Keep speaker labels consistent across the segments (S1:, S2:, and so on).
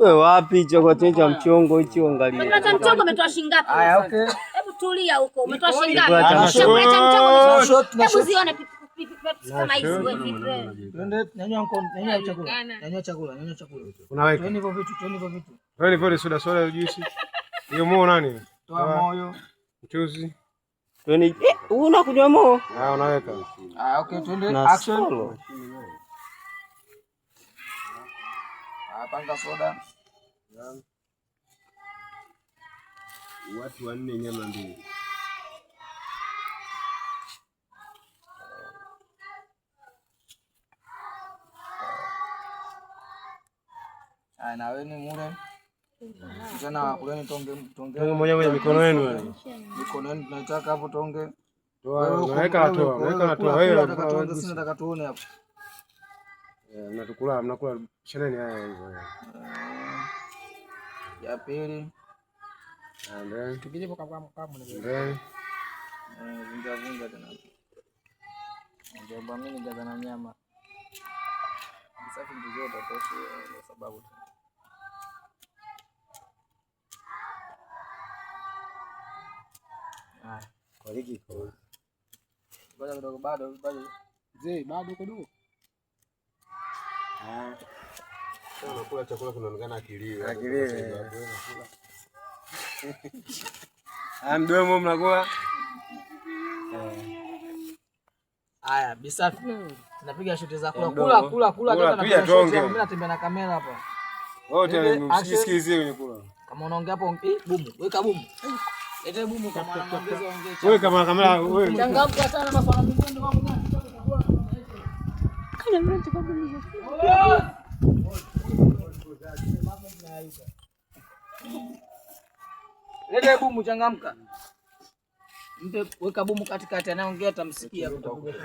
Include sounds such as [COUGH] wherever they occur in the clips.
S1: Wewe wapi hicho cha mchongo hichi uangalie.
S2: Cha mchongo umetoa shilingi ngapi?
S1: Haya okay. Hebu
S2: tulia huko. Umetoa shilingi
S1: ngapi? Hebu zione kama hizi wewe Unakunywa moo? Eh, ah, ah okay, twende action. hapa nga soda watu wanne nyama mbili na weni mule tena wakuleni tonge tonge moja moja mikono yenu mikono yenu tunaitaka hapo tonge. Toa, naweka toa, naweka toa. Wewe unataka tonge, sina nataka tuone hapo. Eh, mnatukula mnakula sheheni haya hivyo. Ya pili vunjavunja ah, eh, tena mimi nijaza na nyama safi zote kwa sababu bado bado bado bado bado bado bado bado Unakula chakula kinaonekana akiliwe. Akiliwe. [LAUGHS] Ah, mdomo mnakula. Haya, eh. bisafi. Tunapiga shoti za kula kula kula kula kula. Mimi natembea na kamera hapa. Wote msisikilizie kwenye kula. Kama unaongea hapo, bumu, weka bumu. Leta bumu kama unaongeza ongea. Weka kama kamera wewe. Changamka sana masuala mengine ndio mambo gani? Leta bumu changamka. Mpe weka bumu katikati, anaongea tamsikia. Twende.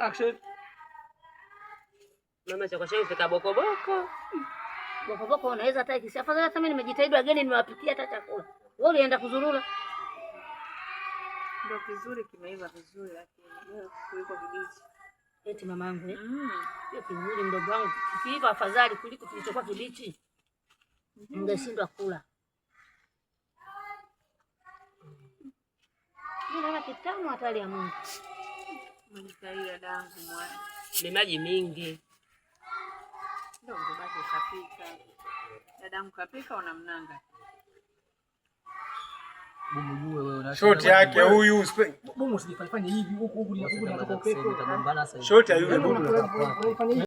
S1: action. Mama chako fika boko boko. Boko boko unaweza hata kisha. Afadhali hata mimi nimejitahidi wageni nimewapikia hata chakula. Wewe ulienda kuzurura. Ndio kizuri kimeiva vizuri lakini kuliko kibichi. Eti mama yangu eh? Mm. Hiyo kizuri mdogo wangu kiiva afadhali kuliko kilichokuwa kibichi. Ungeshindwa mm -hmm. kula. Mimi naona kitamu hatari ya Mungu. Mwanikaia dangu mwana. Ni maji mingi. Ndio ndio ngobaje kapika. Dadangu kapika una mnanga. Shoti yake huyu shoti